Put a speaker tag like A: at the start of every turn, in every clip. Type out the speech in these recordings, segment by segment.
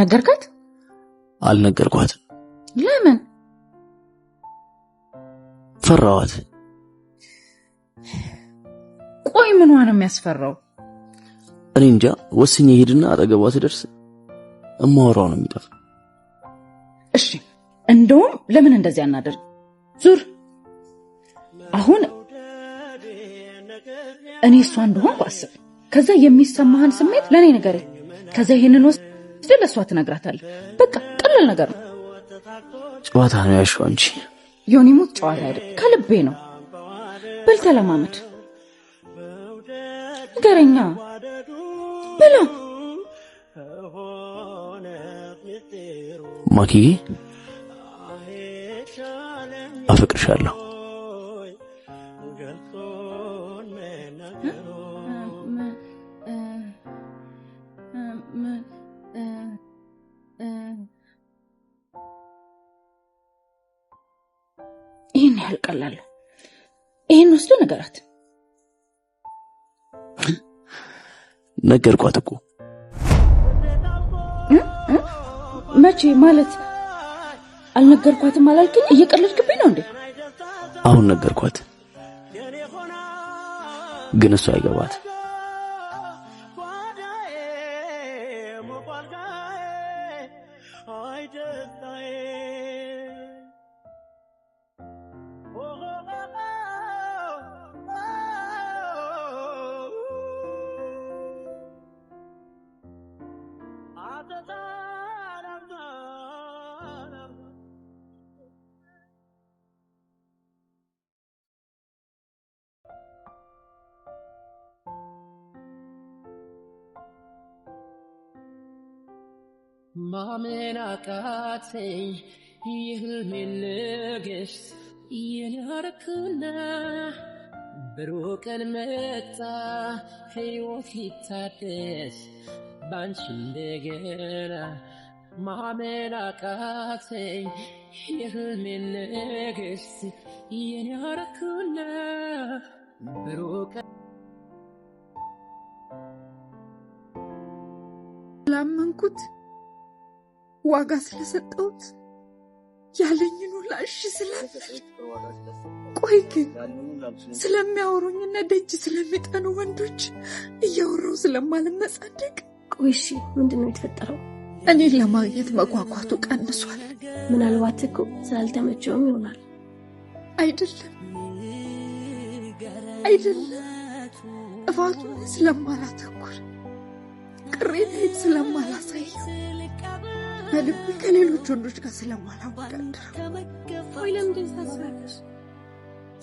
A: ነገርካት?
B: አልነገርኳትም። ለምን? ፈራዋት።
A: ቆይ ምኗ ነው የሚያስፈራው?
B: እኔ እንጃ። ወስኜ ሄድና አጠገቧ ትደርስ እማወራው ነው የሚጠፋ።
A: እሺ፣ እንደውም ለምን እንደዚህ አናደርግ? ዙር አሁን እኔ እሷ እንደሆንኩ አስብ። ከዛ የሚሰማህን ስሜት ለእኔ ንገረኝ። ከዛ ይህንን ወስ ለእሷ ትነግራታለህ። በቃ ቀላል ነገር ነው።
B: ጨዋታ ነው ያልሽው እንጂ
A: የኔ ሞት ጨዋታ አይደል፣ ከልቤ ነው። በል ተለማመድ፣ ንገረኛ በላ
B: ማኪዬ፣ አፈቅርሻለሁ። ነገርኳት እኮ።
A: መቼ ማለት አልነገርኳትም አላልከኝ? እየቀለድክብኝ ነው እንዴ?
B: አሁን ነገርኳት፣ ግን እሱ አይገባት
A: ማመን አቃተኝ የህልሜን ንግሥት የናርክና ብሩህ ቀን መጣ ሕይወት ሊታደስ ባንቺ እንደገና ማመን አቃተኝ የህልሜን ንግሥት የናርክና ብሩህ ቀን ላመንኩት ዋጋ ስለሰጠሁት ያለኝን ሁላ እሺ ቆይ ግን ስለሚያወሩኝና ደጅ ስለሚጠኑ ወንዶች እያወራው ስለማልመጻደቅ
C: ቆይ እሺ ምንድን ነው የተፈጠረው
A: እኔን ለማግኘት መጓጓቱ ቀንሷል
C: ምናልባት እኮ ስላልተመቸውም ይሆናል
A: አይደለም አይደለም እፋቱን ስለማላተኩር ቅሬታዬን ስለማላሳየው በልቤ ከሌሎች ወንዶች ጋር ስለማላወቅ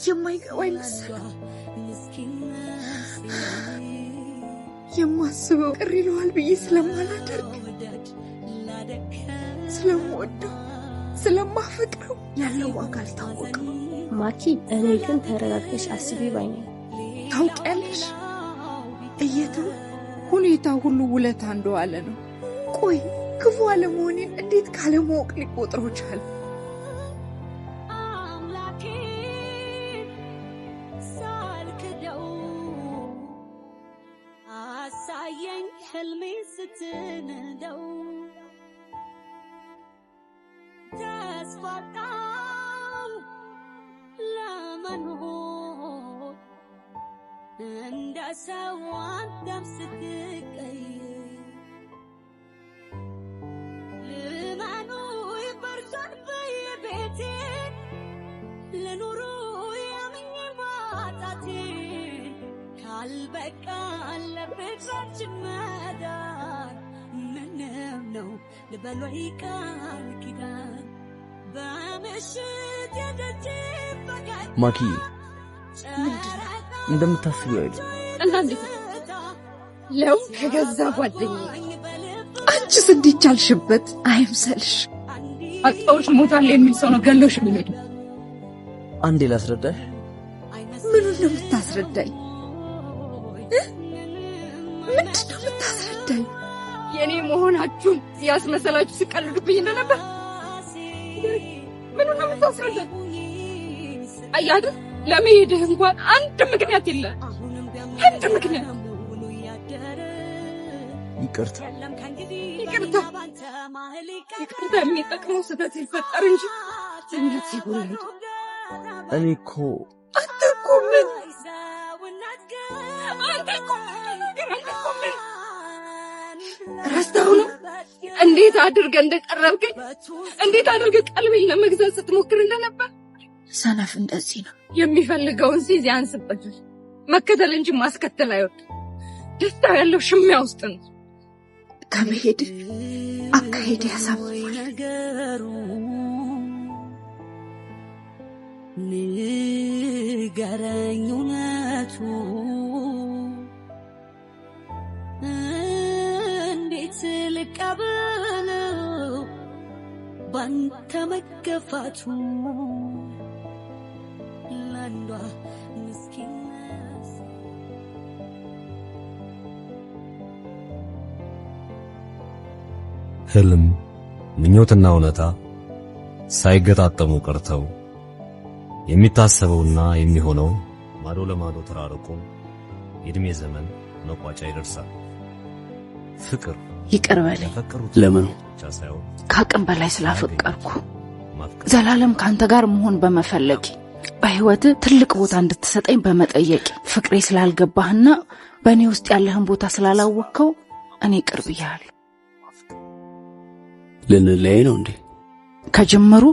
A: የማይገባኝ መሰለኝ። የማስበው ቅር ይለዋል ብዬ ስለማላደርግ ስለምወደው ስለማፈቅረው ያለው ዋጋ አልታወቅም።
C: ማኪ፣ እኔ ግን ተረጋግተሽ አስቢ ባኝ።
A: ታውቂያለሽ፣ እየተው ሁኔታ ሁሉ ውለታ እንደዋለ ነው። ቆይ ክፉ አለመሆኔን እንዴት ካለማወቅ ሊቆጥረው ቻለ? አሳየኝ ህልሜ ስትንደው እንደ ሰው አንተም
B: ማጣቴ ካልበቃ አለበት ምንም ነው ቃል ኪዳን በምሽት የደጅ ማኪ እንደምታስቡ አይደል
A: እና እንዴት ለው ከገዛ ጓደኛ አንቺስ እንዲህ ቻልሽበት አይምሰልሽ አጣውሽ ሞታል የሚል ሰው ነው ገሎሽ የሚሄድ
B: አንዴ ላስረዳሽ
A: የምታስረዳኝ? ምንድን ነው የምታስረዳኝ? የእኔ መሆናችሁን ያስመሰላችሁ ሲቀልዱብኝ እንደነበር ምኑ ነው የምታስረዳኝ? አያት ለመሄድህ እንኳን አንድ ምክንያት የለ፣ አንድ ምክንያት። ይቅርታ ይቅርታ ይቅርታ የሚጠቅመው ስህተት ይፈጠር እንጂ እንዴት ይጎላል? እኔ እኮ ረስተው ነው እንዴት አድርገ እንደቀረብከኝ እንዴት አድርገ ቀልበኝ ለመግዛት ስትሞክር እንደነበር።
C: ሰነፍ እንደዚህ ነው
A: የሚፈልገውን ሲዝ ያንስበታል። መከተል እንጂ ማስከተል አይወድ። ደስታ ያለው ሽሚያ ውስጥ ነው።
C: ከመሄድ አካሄድ ያሳምማል። ንገረኝ ቀበለው
B: ባንተ መገፋቱ ምስኪን ህልም ምኞትና እውነታ ሳይገጣጠሙ ቀርተው የሚታሰበውና የሚሆነው ማዶ ለማዶ ተራርቆ የዕድሜ ዘመን መቋጫ ይደርሳል። ፍቅር ይቅር በለኝ። ለምን?
A: ከአቅም በላይ ስላፈቀርኩ ዘላለም ከአንተ ጋር መሆን በመፈለጌ በህይወት ትልቅ ቦታ እንድትሰጠኝ በመጠየቅ ፍቅሬ ስላልገባህና በእኔ ውስጥ ያለህን ቦታ ስላላወቅከው እኔ ቅርብ እያለሁ
B: ልንለያይ ነው እንዴ?
A: ከጀመሩ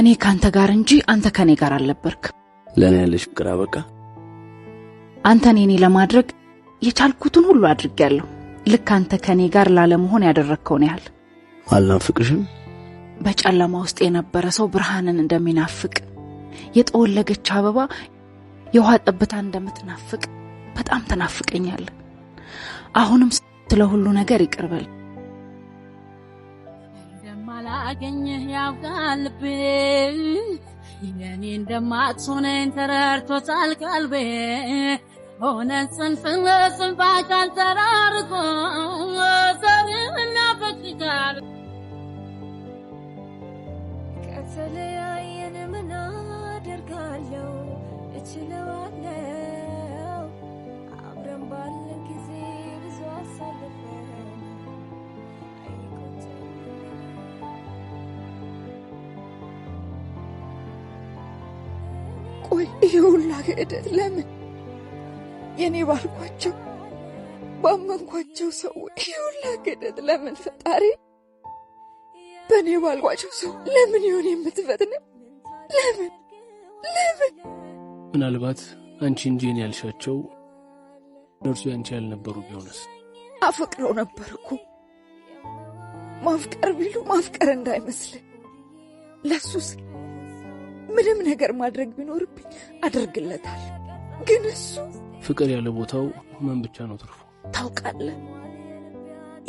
A: እኔ ከአንተ ጋር እንጂ አንተ ከእኔ ጋር አልነበርክም።
B: ለእኔ ያለሽ ፍቅር አበቃ።
A: አንተን እኔ ለማድረግ የቻልኩትን ሁሉ አድርጌያለሁ። ልክ አንተ ከኔ ጋር ላለመሆን ያደረግከውን ያህል
B: አልናፍቅሽም።
A: በጨለማ ውስጥ የነበረ ሰው ብርሃንን እንደሚናፍቅ፣ የጠወለገች አበባ የውሃ ጠብታ እንደምትናፍቅ በጣም ትናፍቀኛል። አሁንም ስለ ሁሉ ነገር ይቅርበል። እንደማላገኝህ ያውቃል ልቤ፣ የኔ እንደማትሆነኝ ተረድቶታል ቀልቤ በእውነት ጽንፍ ጽንፋች አንጸራርቶ ዘርን ከተለያየን ምን አደርጋለሁ እችለዋለው አብረን ባለ ጊዜ ብዙ አሳልፈን ቆይ ለምን የእኔ ባልኳቸው ባመንኳቸው ሰው ይሁላ ገደት ለምን ፈጣሪ በእኔ ባልኳቸው ሰው ለምን ይሆን የምትፈጥን? ለምን ለምን?
B: ምናልባት አንቺ እንጂ እኔ ያልሻቸው እነርሱ ያንቺ ያልነበሩ ቢሆንስ?
A: አፈቅረው ነበር እኮ ማፍቀር ቢሉ ማፍቀር እንዳይመስልን ለሱስ ምንም ነገር ማድረግ ቢኖርብኝ አድርግለታል። ግን እሱ
B: ፍቅር ያለ ቦታው ህመም ብቻ ነው ትርፉ።
A: ታውቃለህ፣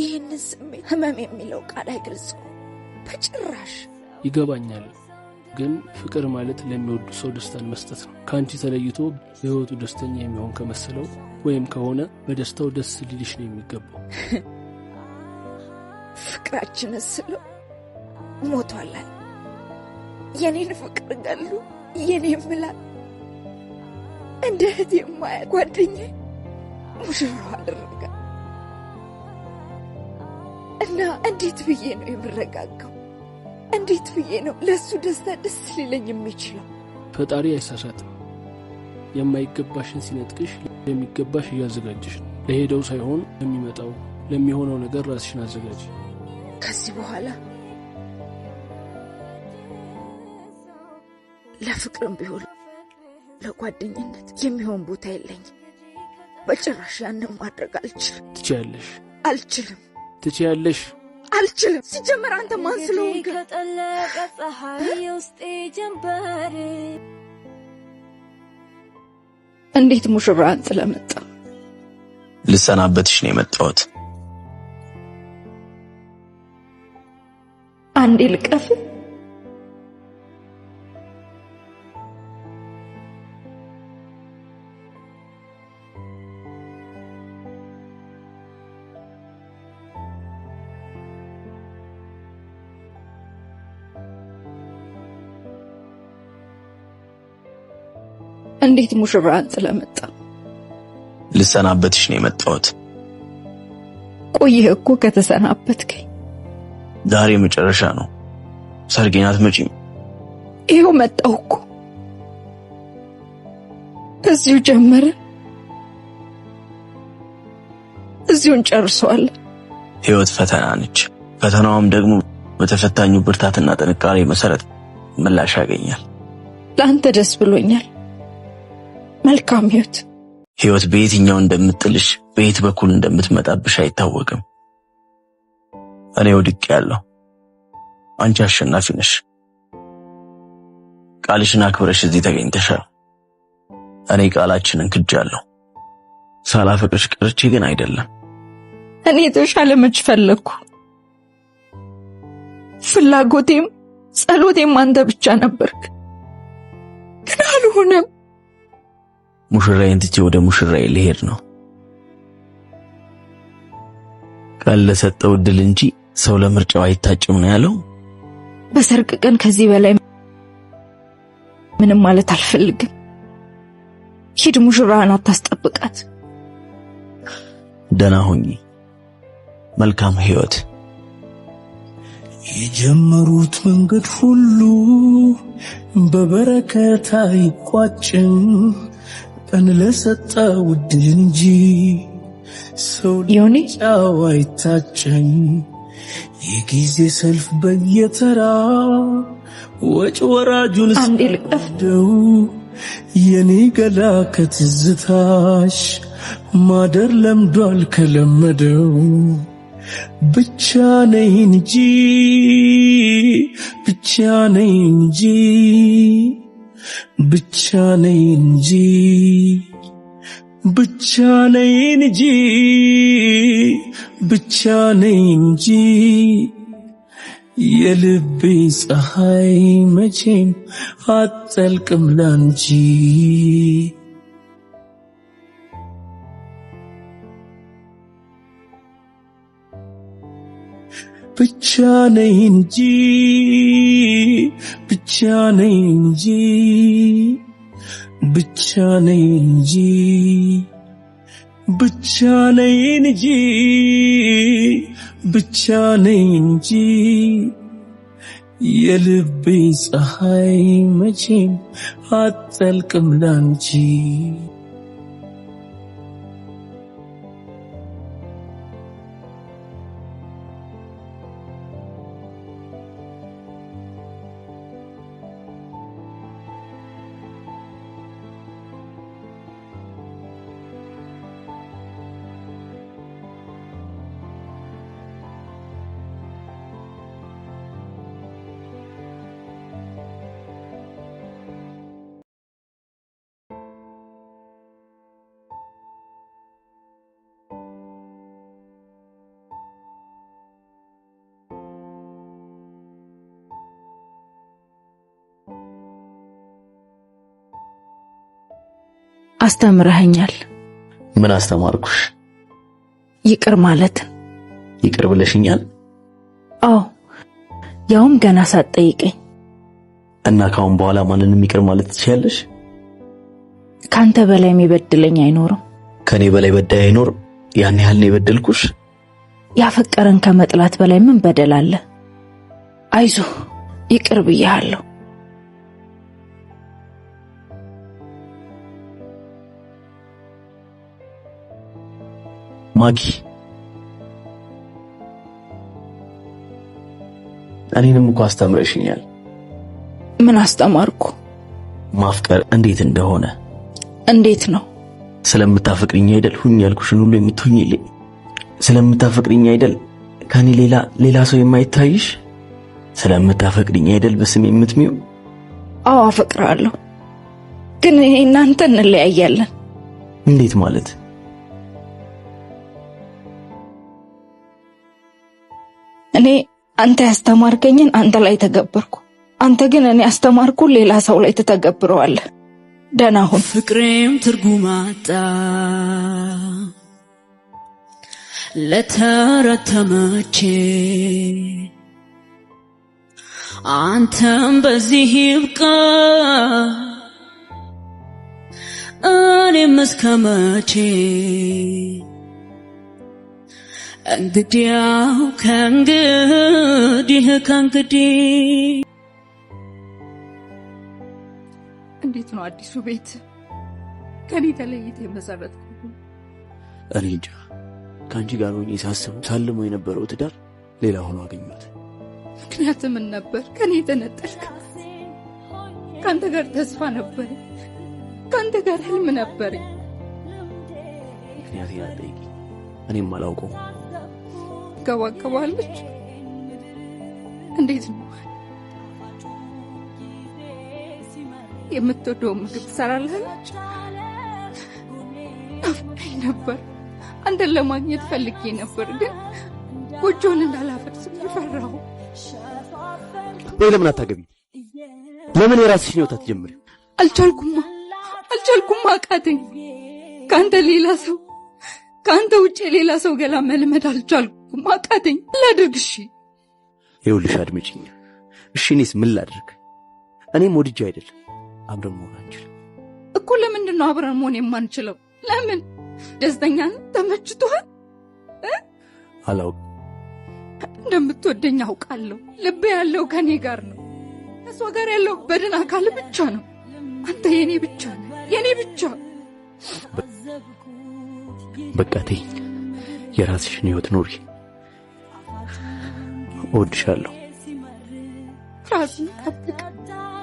A: ይህንን ስሜት ህመም የሚለው ቃል አይገልጸው በጭራሽ።
B: ይገባኛል፣ ግን ፍቅር ማለት ለሚወዱ ሰው ደስታን መስጠት ነው። ከአንቺ ተለይቶ በህይወቱ ደስተኛ የሚሆን ከመሰለው ወይም ከሆነ በደስታው ደስ ሊልሽ ነው የሚገባው።
A: ፍቅራችን ስለው ሞቷላል። የኔን ፍቅር ገሉ የኔ ምላል እንደ እህት የማያት ጓደኛዬ ሙሽራ አደረጋ እና እንዴት ብዬ ነው የምረጋጋው? እንዴት ብዬ ነው ለእሱ ደስታ ደስ ሊለኝ የሚችለው?
B: ፈጣሪ አይሳሳትም። የማይገባሽን ሲነጥቅሽ የሚገባሽ እያዘጋጀሽ ነው። ለሄደው ሳይሆን ለሚመጣው ለሚሆነው ነገር ራስሽን አዘጋጅ።
A: ከዚህ በኋላ ለፍቅርም ቢሆን ለጓደኝነት የሚሆን ቦታ የለኝ በጭራሽ ያንን ማድረግ አልችልም። ትችያለሽ። አልችልም። ትችያለሽ። አልችልም። ሲጀመር አንተ ማን ስለሆንክ ከጠለቀ ፀሐይ ውስጤ ጀንበር እንዴት ሙሽራን ስለመጣ
B: ልሰናበትሽ ነው የመጣሁት።
A: አንዴ ልቀፍ እንዴት ሙሽራን ስለመጣ
B: ልሰናበትሽ ነው የመጣሁት።
A: ቆይህ እኮ ከተሰናበትከኝ
B: ዛሬ መጨረሻ ነው። ሰርጌን አትመጪም?
A: ይኸው መጣሁ እኮ። እዚሁ ጀመረ፣ እዚሁን ጨርሷል
B: ህይወት ፈተና ነች። ፈተናውም ደግሞ በተፈታኙ ብርታትና ጥንካሬ መሰረት ምላሽ ያገኛል።
A: ለአንተ ደስ ብሎኛል። መልካም ህይወት።
B: ህይወት በየትኛው እንደምጥልሽ በየት በኩል እንደምትመጣብሽ አይታወቅም። እኔ ወድቅ ያለሁ አንቺ አሸናፊ ነሽ። ቃልሽን አክብረሽ እዚህ ተገኝተሻል። እኔ ቃላችንን ክጃለሁ። ሳላፈቅርሽ ቀርቼ ግን አይደለም።
A: እኔ የተሻለ መች ፈለግኩ። ፍላጎቴም ጸሎቴም አንተ ብቻ ነበርክ፣ ግን አልሆነም።
B: ሙሽራዬን ትቼ ወደ ሙሽራዬ ልሄድ ነው። ቃል ለሰጠው እድል እንጂ ሰው ለምርጫው አይታጭም ነው ያለው።
A: በሰርግ ቀን ከዚህ በላይ ምንም ማለት አልፈልግም። ሂድ፣ ሙሽራህን አታስጠብቃት።
B: ደህና ሁኚ፣ መልካም ህይወት። የጀመሩት መንገድ ሁሉ በበረከት
A: አይቋጭም። ቀን ለሰጠ ውድን እንጂ ሰው ጫው አይታጨኝ የጊዜ ሰልፍ በየተራ ወጭ ወራጁን ስደው የኔ ገላ ከትዝታሽ ማደር ለምዷል ከለመደው ብቻ ነኝ እንጂ ብቻ ነኝ እንጂ ብቻ ነኝ እንጂ ብቻ
B: ነኝ እንጂ ብቻ ነኝ እንጂ የልቤ ፀሐይ መቼም አትጠልቅም ላንቺ። ብቻ ነኝ እንጂ ብቻ ነኝ እንጂ ብቻ ነኝ እንጂ ብቻ ነኝ እንጂ ብቻ ነኝ እንጂ የልቤ ፀሐይ መቼም አጠልቅም ላንቺ
A: አስተምረኸኛል።
B: ምን አስተማርኩሽ?
A: ይቅር ማለትን።
B: ይቅር ብለሽኛል?
A: አዎ፣ ያውም ገና ሳትጠይቀኝ።
B: እና ካሁን በኋላ ማንንም ይቅር ማለት ትችያለሽ?
A: ከአንተ በላይ የሚበድለኝ አይኖርም።
B: ከኔ በላይ በዳይ አይኖር? ያን ያህል ነው የበደልኩሽ?
A: ያፈቀረን ከመጥላት በላይ ምን በደል አለ? አይዞህ፣ ይቅር ብያለሁ።
B: ማጊ እኔንም እኮ አስተምረሽኛል።
A: ምን አስተማርኩ?
B: ማፍቀር እንዴት እንደሆነ። እንዴት ነው? ስለምታፈቅሪኝ አይደል ሁኝ ያልኩሽን ሁሉ የምትሆኝልኝ። ስለምታፈቅሪኝ አይደል ከኔ ሌላ ሌላ ሰው የማይታይሽ። ስለምታፈቅሪኝ አይደል በስም የምትሚው።
A: አዎ አፈቅራለሁ፣ ግን እኔ እናንተ እንለያያለን። እንዴት ማለት? እኔ አንተ ያስተማርከኝን አንተ ላይ ተገበርኩ፣ አንተ ግን እኔ አስተማርኩ ሌላ ሰው ላይ ትተገብረዋለህ። ደህና ሁን። ፍቅሬም ትርጉም አጣ ለተረት ተመቼ አንተም በዚህ ይብቃ እኔም እስከ መቼ ከእንግዲያው ከእንግዲህ ከእንግዲህ እንዴት ነው አዲሱ ቤት ከኔ ተለይት የመሰረት
B: እኔ እንጃ። ከአንቺ ጋር ሆኜ ሳስበው ሳልሞ የነበረው ትዳር ሌላ ሆኖ አገኘት
A: ምክንያት ምን ነበር? ከኔ የተነጠልክ ከአንተ ጋር ተስፋ ነበር፣ ከአንተ ጋር ህልም ነበር።
B: ምክንያት ያጠይቅ እኔም አላውቀውም
A: ትንከባከባለች። እንዴት ነው የምትወደው ምግብ ትሰራለች። ናፍቀኝ ነበር። አንተን ለማግኘት ፈልጌ ነበር፣ ግን ጎጆን እንዳላፈርስ ይፈራሁ።
B: ወይ ለምን አታገቢ? ለምን የራስሽን ህይወት አትጀምሪ?
A: አልቻልኩማ፣ አልቻልኩማ፣ አቃተኝ። ከአንተ ሌላ ሰው ከአንተ ውጭ ሌላ ሰው ገላ መልመድ አልቻልኩ። ማቃተኝ ላድርግ። እሺ
B: ይኸውልሽ፣ አድምጪኝ እሺ። እኔስ ምን ላድርግ? እኔም ወድጄ አይደል አብረን መሆን አንችልም
A: እኮ። ለምንድን ነው አብረን መሆን የማንችለው? ለምን? ደስተኛ ተመችቶሃል? አላውቅም። እንደምትወደኝ አውቃለሁ። ልብ ያለው ከእኔ ጋር ነው። ከእሷ ጋር ያለው በድን አካል ብቻ ነው። አንተ የእኔ ብቻ የእኔ ብቻ።
B: በቃ የራስሽን ህይወት ኑሪ። እወድሻለሁ።
A: ራስን ጠብቅ፣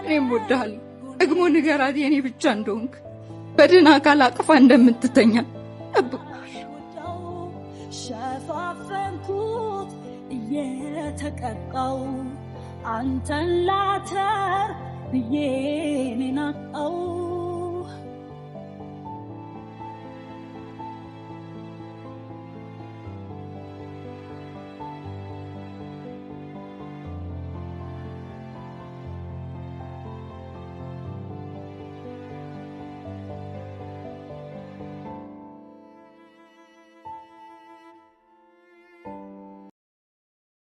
A: እኔም እወድሃለሁ። ደግሞ ንገራት የእኔ ብቻ እንደሆንክ በድን አካል አቅፋ እንደምትተኛ ጠብቃለሁ። ሸፋፈንኩት እየተቀጣው አንተን ላተር ብዬ ኔናጣው